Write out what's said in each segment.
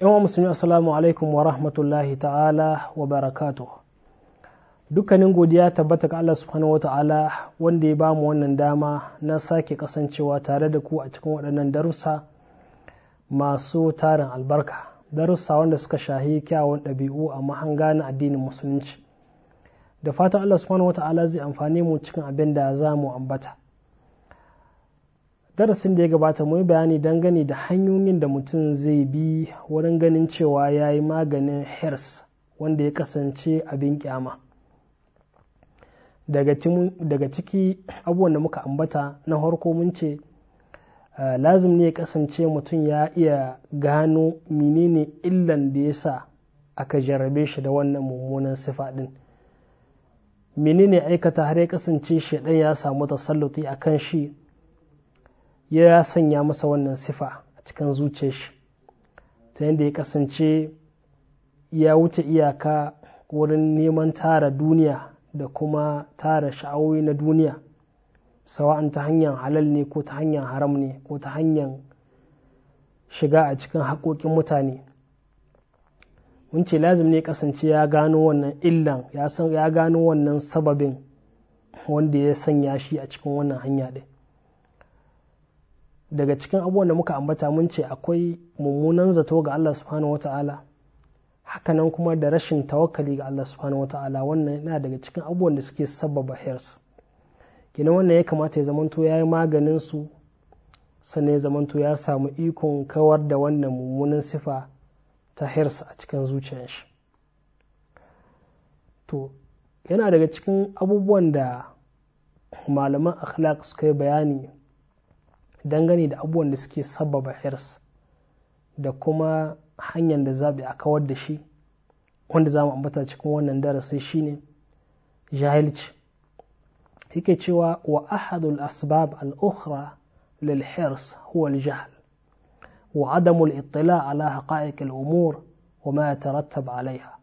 yan musulmi assalamu alaikum wa rahmatullahi ta'ala wa barakatu dukkanin godiya tabbata ga Allah subhanahu wata'ala wanda ya bamu wannan dama na sake kasancewa tare da ku a cikin waɗannan darussa masu tarin albarka darussa wanda suka shahi kyawun ɗabi'u a mahanga na addinin musulunci da fatan Allah subhanahu wata'ala zai amfani mu cikin abin da za mu ambata darasin da ya gabata mu yi bayani dangane da hanyoyin da mutum zai bi wurin ganin cewa ya yi maganin hers wanda ya kasance abin kyama daga ciki abubuwan da muka ambata na farko mun ce eh, lazim ne ya kasance mutum ya iya gano menene illan da ya sa aka jarrabe shi da wannan mummunan sifa din menene aikata har ya kasance shi ya samu tasalluti a kan shi ya sanya masa wannan sifa a cikin zuciyar shi ta yadda ya kasance ya wuce iyaka wurin neman tara duniya da kuma tara sha'awoyi na duniya sawa'an ta hanyar halal ne ko ta hanyar haram ne ko ta hanyar shiga a cikin haƙoƙin mutane mun ce lazim ne kasance ya gano wannan illan ya gano wannan sababin wanda ya sanya shi a cikin wannan hanya ɗin daga cikin abubuwan da muka ambata mun ce akwai mummunan zato ga Allah subhanahu wata'ala hakanan kuma da rashin tawakali ga Allah subhanahu wata'ala wannan yana daga cikin abubuwan da suke sababa hers kina wannan ya kamata ya zamanto ya yi maganin su sannan ya zamanto ya samu ikon kawar da wannan mummunan sifa ta hers a cikin zuciyar shi to yana daga cikin abubuwan da malaman akhlaq suka yi bayani dangane da abubuwan da suke sababa hirs da kuma hanyar da zaɓi a kawar da shi wanda za mu ambata cikin wannan darasin shine jahilci yake cewa wa ahadul asbab al-ukhra lil hirs huwa al-jahl wa adamul ittila ala haqa'iq al-umur wa ma yatarattab alaiha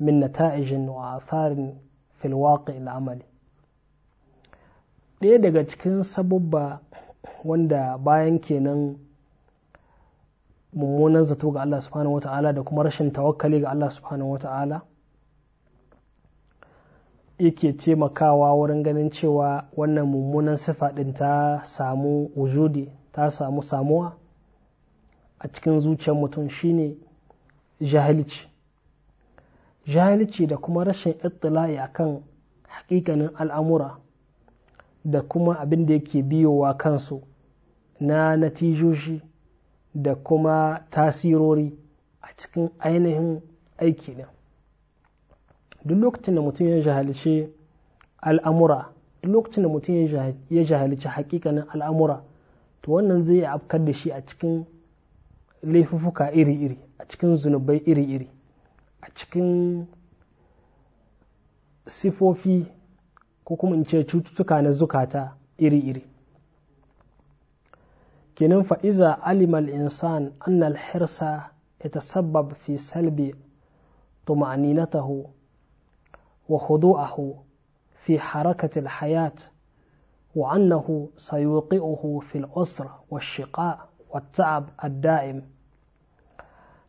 min nata'ij wa athar fi al-waqi' al-amali ɗaya daga cikin sabubba wanda bayan kenan mummunan zato ga Allah subhanahu wa ta'ala da kuma rashin tawakkali ga Allah subhanahu wa ta'ala yake taimakawa wurin ganin cewa wannan mummunan sifa ɗin ta samu wujudi ta samu samuwa a cikin zuciyar mutum shine jahilci jahilci da kuma rashin ittila'i akan hakikanin al'amura da kuma abin da yake biyowa kansu na natijoshi da kuma tasirori a cikin ainihin aiki ɗin duk lokacin da mutum ya jahalce al'amura duk lokacin da mutum ya jahalce hakikanin al'amura to wannan zai afkar da shi a cikin laifuka iri-iri a cikin zunubai iri-iri a cikin sifofi ko kuma in ce cututtuka na zukata iri-iri kinin fa'iza alimal insan annal hirsa ita sabab fi salbi tumaninatahu wa hudu'ahu fi harakatil hayat fil سيوقئه wa الأسرة wa والتعب adda'im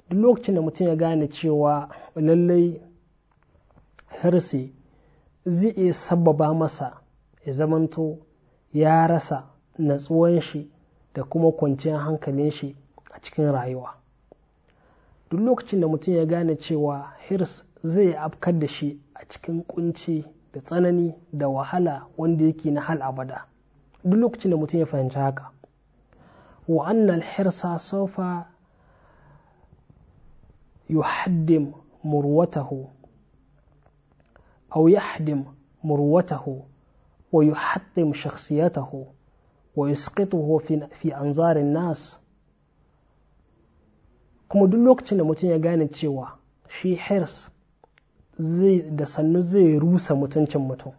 duk lokacin da mutum ya gane cewa lallai hirsi zai iya sababa masa ya zamanto ya rasa natsuwan shi da kuma kwanciyar hankalin shi a cikin rayuwa duk lokacin da mutum ya gane cewa hirs zai afkar da shi a cikin kunci da tsanani da wahala wanda yake na hal abada duk lokacin da mutum ya fahimci haka wa'annan hirsa sofa yuhaddim murwatahu أو يحدم مروته ويحطم شخصيته ويسقطه في, في أنظار الناس kuma duk lokacin da mutum ya gane cewa shi hirs da sannu zai rusa mutuncin mutum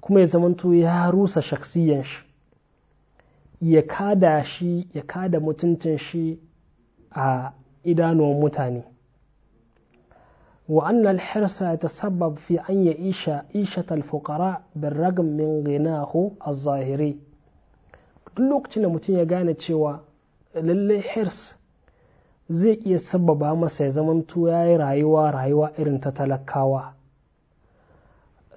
kuma ya zamanto ya rusa shaksiyan shi ya kada shi ya kada mutuncin shi a idanuwan mutane وأن الحرص يتسبب في أن يعيش عيشة الفقراء بالرغم من غناه الظاهري duk lokacin da mutum ya gane cewa lallai hirs zai iya sababa masa ya zamanto ya rayuwa rayuwa irin ta talakawa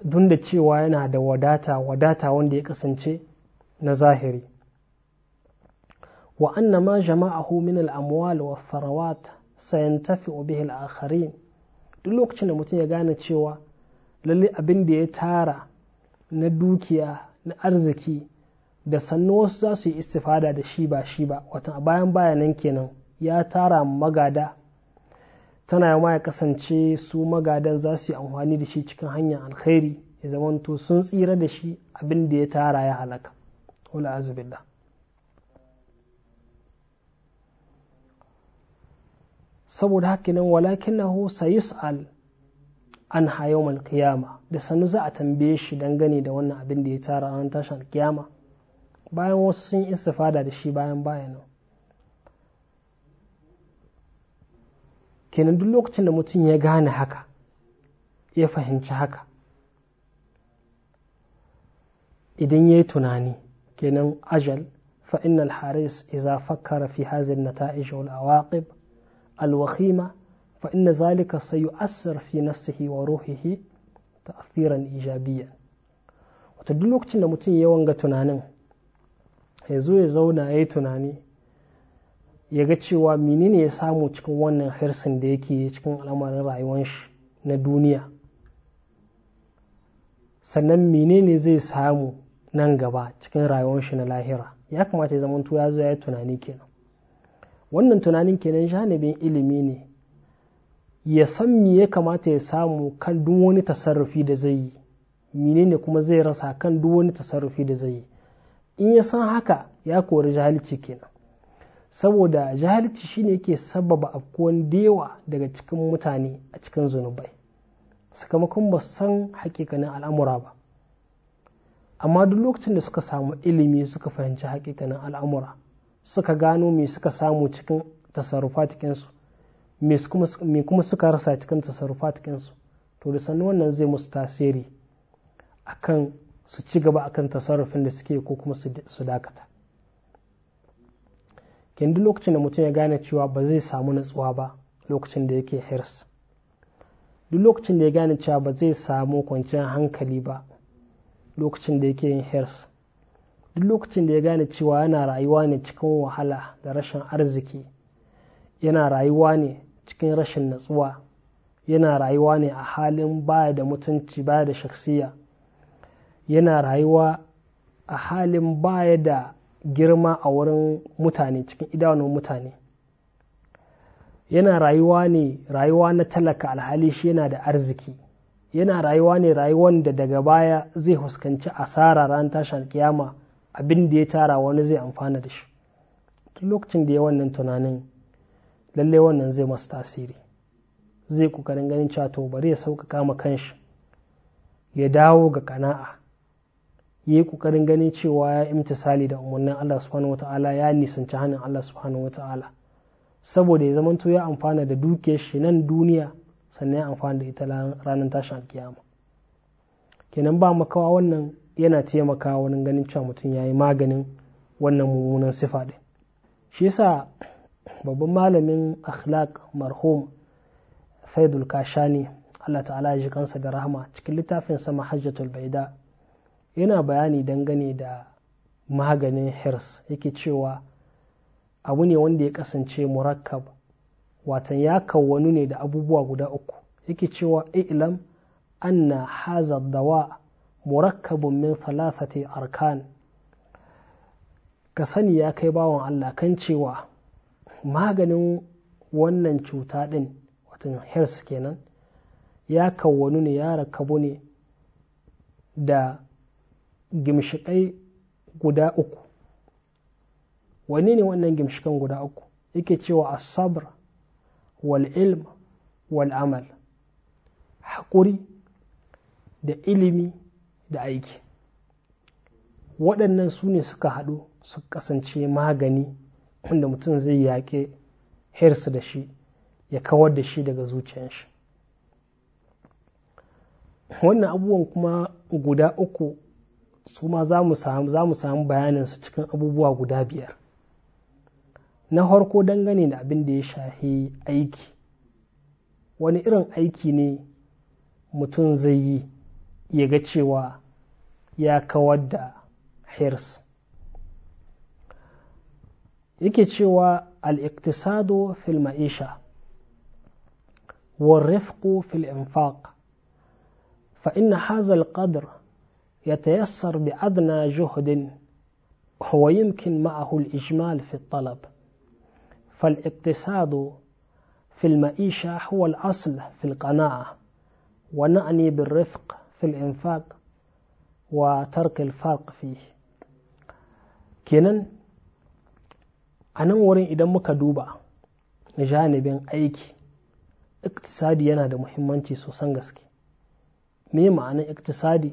Dunda cewa yana da wadata wadata wanda ya kasance na zahiri wa anna ma jama'ahu min al-amwal wa tharawat sayantafi bihi al-akharin duk lokacin da mutum ya gane cewa lalle abin da ya tara na dukiya na arziki da sannu wasu za su yi istifada da shi ba shi ba watan a bayan bayanan kenan ya tara magada tana yawa ya kasance su magadan za su yi amfani da shi cikin hanyar alkhairi ya zamanto sun tsira da shi abin da ya tara ya halaka wala saboda haka nan sayus al an yawmal kiyama da sanu za a tambaye shi dangane da wannan abin da ya tara ran tashin kiyama bayan wasu sun istifada da shi bayan bayan kenan duk lokacin da mutum ya gane haka ya fahimci haka idan ya yi tunani kenan ajal fa innal haris iza fakkara fi hazin nata'ij wal awaqib الوخيمة فإن ذلك سيؤثر في نفسه وروحه تأثيرا إيجابيا وتدلوك تنا متين يوانغ تنانين yanzu ya zauna ya yi tunani ya ga cewa menene ya samu cikin wannan hirsin da yake cikin al'amarin rayuwar shi na duniya sannan menene zai samu nan gaba cikin rayuwar shi na lahira ya kamata ya zamanto ya zo ya yi tunani wannan tunanin kenan janibin ilimi ne ya san me ya kamata ya samu kan duk wani tasarrufi da zai yi menene kuma zai rasa kan duk wani tasarrufi da zai yi in ya san haka ya kori jahilci kenan saboda jahilci shine yake sababa afkuwan dewa daga cikin mutane a cikin zunubai sakamakon ba san hakikanin al'amura ba amma duk lokacin da suka samu ilimi suka fahimci hakikanin al'amura suka gano me suka samu cikin tasarrufa cikinsu me kuma suka rasa cikin tasarrufa cikinsu to da sannu wannan zai musu tasiri akan su ci gaba akan tasarrufin da suke ko kuma su dakata kendi lokacin da mutum ya gane cewa ba zai samu natsuwa ba lokacin da yake hirs duk lokacin da ya gane cewa ba zai samu kwanciyar hankali ba lokacin da yake yin hirs duk lokacin da ya gane cewa yana rayuwa ne cikin wahala da rashin arziki yana rayuwa ne cikin rashin natsuwa yana rayuwa ne a halin baya da mutunci baya da shaksiya yana rayuwa a halin baya da girma a wurin mutane cikin idanun mutane yana rayuwa ne rayuwa na talaka alhali shi yana da arziki yana rayuwa ne rayuwan da daga baya zai fuskanci asara ran tashin kiyama abin da ya tara wani zai amfana da shi tun lokacin da ya wannan tunanin lallai wannan zai masu tasiri zai kokarin ganin cewa to bari ya sauƙaƙa ma kanshi ya dawo ga kana'a ya yi kokarin ganin cewa ya imtisali da umarnin Allah subhanahu wata'ala ya nisanci hannun Allah subhanahu wata'ala saboda ya zamanto ya amfana da dukiyar shi nan duniya sannan ya amfana da ita ranar tashin alkiyama kenan ba makawa wannan yana taimakawa wani ganin cewa mutum ya yi maganin wannan mummunan sifa ɗin shi yasa babban malamin akhlaq marhum faidul kashani Allah ta'ala ya ji kansa da rahama cikin littafin sama hajjatul baida yana bayani dangane da maganin hirs yake cewa abu ne wanda ya kasance murakkab watan ya kawwanu ne da abubuwa guda uku yake cewa ilam anna haza dawa مركب min thalathati arkan ka sani ya kai bawan كان cewa maganin wannan cuta ɗin watan hers kenan ya kawwanu ne ya rakabu ne da gimshiƙai guda uku wani ne wannan gimshikan guda uku yake cewa asabar wal ilm wal amal haƙuri da ilimi da aiki waɗannan su ne suka haɗu su kasance magani wanda mutum zai yaƙe hirsu da shi ya kawar da shi daga zuciyar shi wannan abubuwan kuma guda uku su ma za mu samu bayaninsu cikin abubuwa guda biyar na harko dangane da abin da ya shahi aiki wani irin aiki ne mutum zai yi ya ga cewa ya kawar da hirs yake cewa al-iqtisadu fil ma'isha والرفق في الإنفاق فإن هذا القدر يتيسر بأدنى جهد ويمكن معه الإجمال في الطلب فالاقتصاد في المعيشة هو الأصل في القناعة ونعني بالرفق fil infaq wa tarkil farq fi kenan a nan wurin idan muka duba na janibin aiki iktisadi yana da muhimmanci sosan gaske me ma'anin iktisadi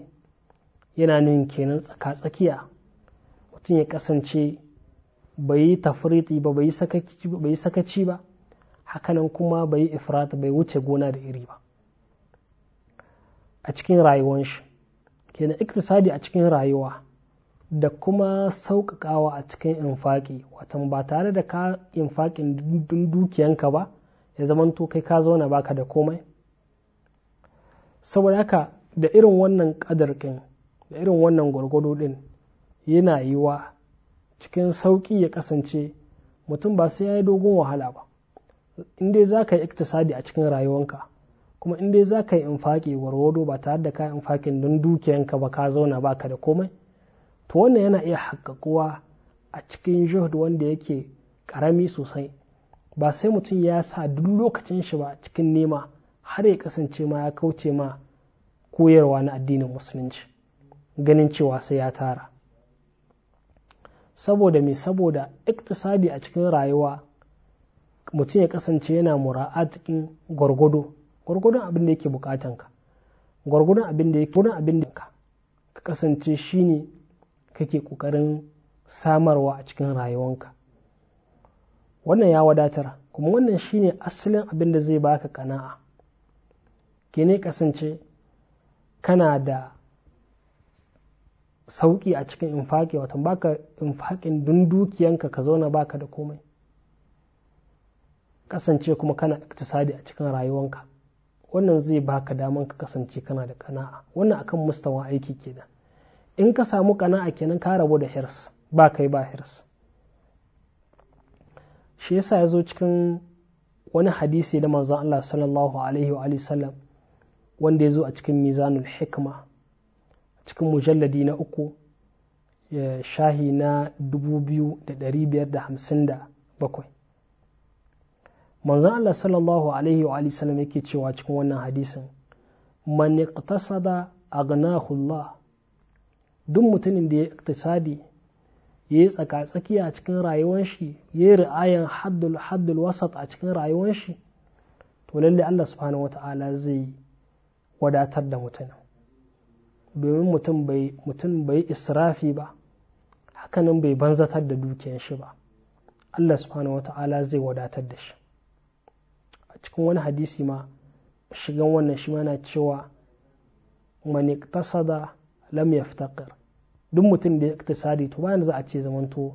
yana nuna kenan tsaka-tsakiya mutum ya kasance bai yi tafriti ba bai yi sakaci ba hakanan kuma bai yi ifrat bai wuce gona da iri ba a cikin rayuwan shi kenan iktisadi a cikin rayuwa da kuma sauƙaƙawa a cikin infaƙi watan ba tare da ka infaƙin dukiyanka ba ya zamanto kai ka zauna baka da komai saboda haka da irin wannan ƙadarkin da irin wannan gwargwado ɗin yana yiwa cikin sauƙi ya kasance mutum ba sai ya yi dogon wahala ba in dai za ka yi iktisadi a cikin rayuwanka kuma in dai za ka yi infaki warwado ba tare da ka yi infakin don dukiyanka ba ka zauna ba ka da komai to wannan yana iya haƙaƙuwa a cikin jihud wanda yake ƙarami sosai ba sai mutum ya sa duk lokacin shi ba cikin nema har ya kasance ma ya kauce ma koyarwa na addinin musulunci ganin cewa sai ya tara saboda mai saboda iktisadi a cikin rayuwa mutum ya kasance yana mura'atikin cikin gwargwado gwargwadon abin da yake bukatan ka gwargwadon abin da yake abin da ka ka kasance shine kake kokarin samarwa a cikin rayuwanka wannan ya wadatar kuma wannan shine asalin abin da zai baka kana'a ke ne kasance kana da sauki a cikin infaki watan baka infakin dun dukiyanka ka zauna baka da komai kasance kuma kana iktisadi a cikin rayuwanka wannan zai baka damar ka kasance kana da kana'a wannan akan mustawa aiki kenan in ka samu kana'a kenan ka rabu da hirs ba kai ba hirs shi yasa ya zo cikin wani hadisi da manzon Allah sallallahu alaihi wa sallam wanda ya zo a cikin mizanul hikma cikin mujalladi na uku eh, shahi na 2557 manzon Allah sallallahu alaihi wa sallam yake cewa cikin wannan hadisin man iqtasada aghnahu duk mutumin da ya iktisadi ya yi tsakatsaki a cikin rayuwar shi ya yi ri'ayan haddul haddul wasat a cikin rayuwar shi to lalle Allah subhanahu wata'ala zai wadatar da mutumin domin mutum bai mutum bai israfi ba hakanan bai banzatar da dukiyar shi ba Allah subhanahu wata'ala zai wadatar da shi a cikin wani hadisi ma shigan wannan shi mana cewa mani tasada lam yaftaqir duk mutum da ya iktisadi to bayan za a ce zamanto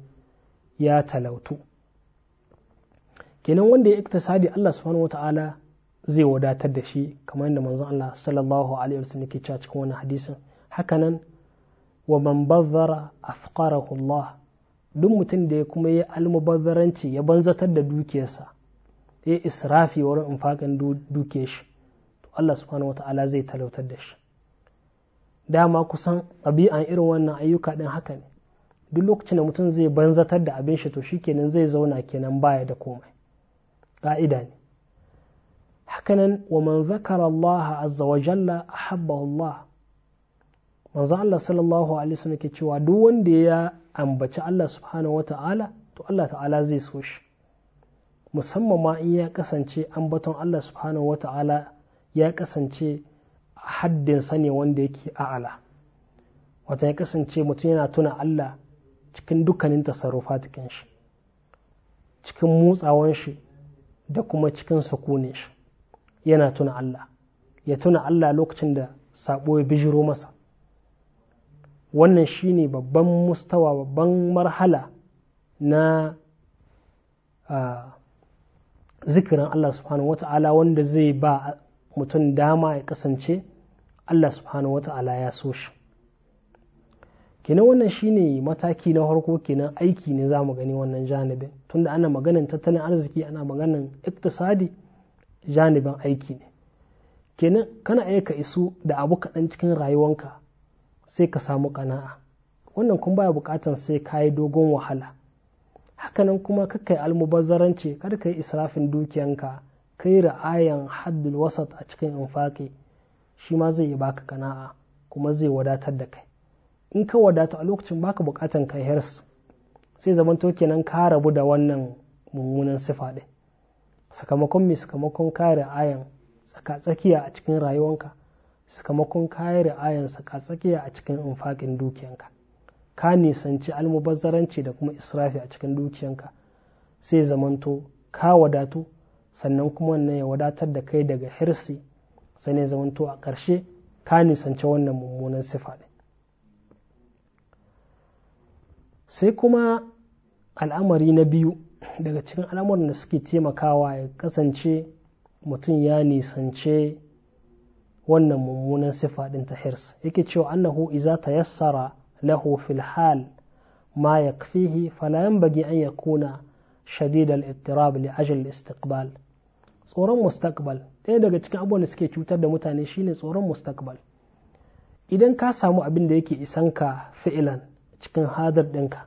ya talautu kenan wanda ya iktisadi Allah subhanahu wata'ala zai wadatar da shi kamar yadda manzon Allah sallallahu alaihi wasallam yake cewa cikin wannan hadisin hakanan wa man bazzara afqarahu Allah duk mutum da ya kuma yi almubazzaranci ya banzatar da dukiyarsa ya yi israfi wurin infakan duke shi to Allah subhanahu wata'ala zai talautar da shi dama kusan ɗabi'an irin wannan ayyuka ɗin haka ne duk lokacin da mutum zai banzatar da abin shi to shikenan zai zauna kenan baya da komai ƙa'ida ne hakanan wa man zakara Allah azza wa jalla ahabbahu Allah manzo Allah sallallahu alaihi wasallam ke cewa duk wanda ya ambaci Allah subhanahu wata'ala to Allah ta'ala zai so shi musamman ma in ya kasance an baton Allah subhanahu Taala ya kasance haddin ne wanda yake a'ala wata ya kasance mutum yana tuna Allah cikin dukkanin tasarrufatikin shi cikin motsawan shi da kuma cikin sukunin shi yana tuna Allah ya tuna Allah lokacin da sabo ya bijiro masa wannan shine babban mustawa babban marhala na uh, zikirin Allah subhanahu wata'ala wanda zai ba mutum dama ya kasance Allah subhanahu wata'ala ya so shi kenan wannan shine mataki na harko kenan aiki ne za mu gani wannan janibin tunda ana maganin tattalin arziki ana maganin iktisadi janibin aiki ne kenan kana iya ka isu da abu kaɗan cikin rayuwanka sai ka samu kana'a wannan kun baya bukatan sai ka yi dogon wahala hakanan kuma kakai almubazzaranci kada ka yi israfin dukiyanka ka yi ra'ayan haddul wasat a cikin infaki shi ma zai yi baka kana'a kuma zai wadatar da kai in ka wadata a lokacin baka bukatan kai hers sai zamanto kenan ka rabu da wannan mummunan sifa ɗin sakamakon mai sakamakon kare tsaka tsakatsakiya a cikin rayuwanka sakamakon kare tsaka tsakatsakiya a cikin infakin dukiyanka ka nisanci almubazzaranci da kuma israfi a cikin dukiyanka sai zamanto ka wadatu sannan kuma wannan ya wadatar da kai daga hirsi ne zamanto a ƙarshe ka nisanci wannan mummunan sifa sai kuma al'amari na biyu daga cikin al'amarin da suke taimakawa ya kasance mutum ya nisance wannan mummunan sifa ɗin ta hirs yake cewa annahu iza ta yassara له في الحال ما يكفيه فلا ينبغي أن يكون شديد الاضطراب لأجل الاستقبال tsoron mustaqbal ɗaya daga cikin abubuwan da suke cutar da mutane shine tsoron mustaqbal idan ka samu abin da yake ka fi'ilan cikin hadar ɗinka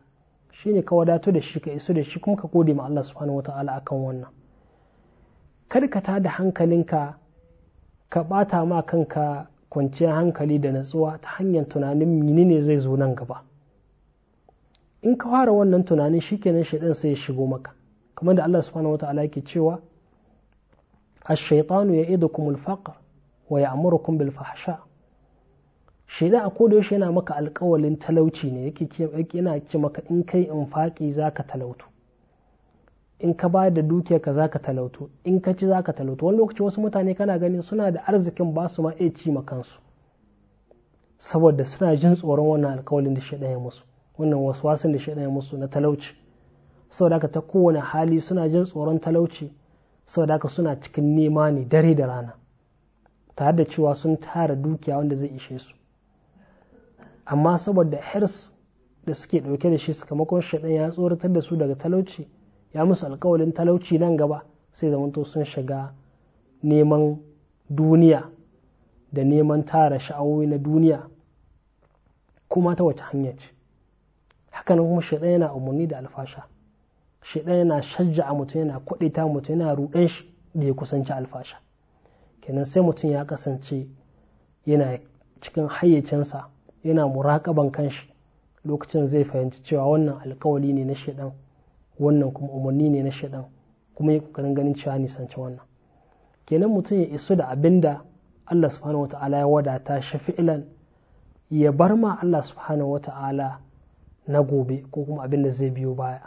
shine ka wadato da shi ka iso da shi kuma ka gode ma Allah subhanahu wataala akan wannan kar ka tada hankalinka ka ɓata ma kanka kwanciyar hankali da natsuwa ta hanyar tunanin mini ne zai zo nan gaba in ka fara wannan tunanin shikenan shaidan sai ya shigo maka kamar da Allah subhanahu wata'ala yake cewa ash-shaytanu ya'idukum al-faqr wa ya'murukum bil fahsha shaidan a koda yaushe yana maka alƙawalin talauci ne yake yana ce maka in kai infaki zaka talautu in ka ba da ka za ka talautu in ka ci za ka talautu wani lokaci wasu mutane kana gani suna da arzikin ba su ma iya ci ma kansu saboda suna jin tsoron wannan alkawalin da shaɗaya musu wannan wasu wasan da shaɗaya musu na talauci saboda haka ta kowane hali suna jin tsoron talauci saboda haka suna cikin nema ne dare da rana tare da cewa sun tara dukiya wanda zai ishe su amma saboda hirs da suke ɗauke da shi sakamakon shaɗan ya tsoratar da su daga talauci ya musu alkawalin talauci nan gaba sai zamanto sun shiga neman duniya da neman tara sha'awoyi na duniya kuma ta wace hanya ce hakan kuma shaɗa yana umarni da alfasha shaɗa yana shajja a mutum yana kwaɗita mutum yana ruɗan shi da ya kusanci alfasha kenan sai mutum ya kasance yana cikin hayyacinsa yana muraƙaban kanshi lokacin zai fahimci cewa wannan alkawali ne na shaidan wannan kuma umarni ne na shaɗan kuma ya kokarin ganin cewa nisanci wannan kenan mutum ya iso da abin da Allah subhanahu wata'ala ya wadata shi fi'ilan ya bar ma Allah subhanahu wata'ala na gobe ko kuma abin da zai biyo baya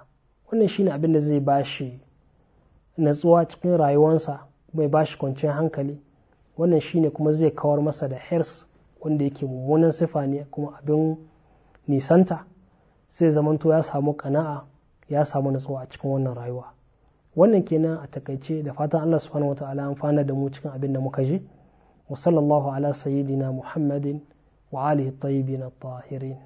wannan shine abin da zai ba shi natsuwa cikin rayuwarsa ba bashi kwanciyar hankali wannan shine kuma zai kawar masa da hers wanda yake mummunan sifa ne kuma abin nisanta sai zamanto ya samu kana'a ya samu natsuwa a cikin wannan rayuwa wannan kenan a takaice da fatan Allah subhanahu wataala amfana da mu cikin abin da muka ji wa sallallahu ala sayyidina muhammadin wa alihi tayyibin at-tahirin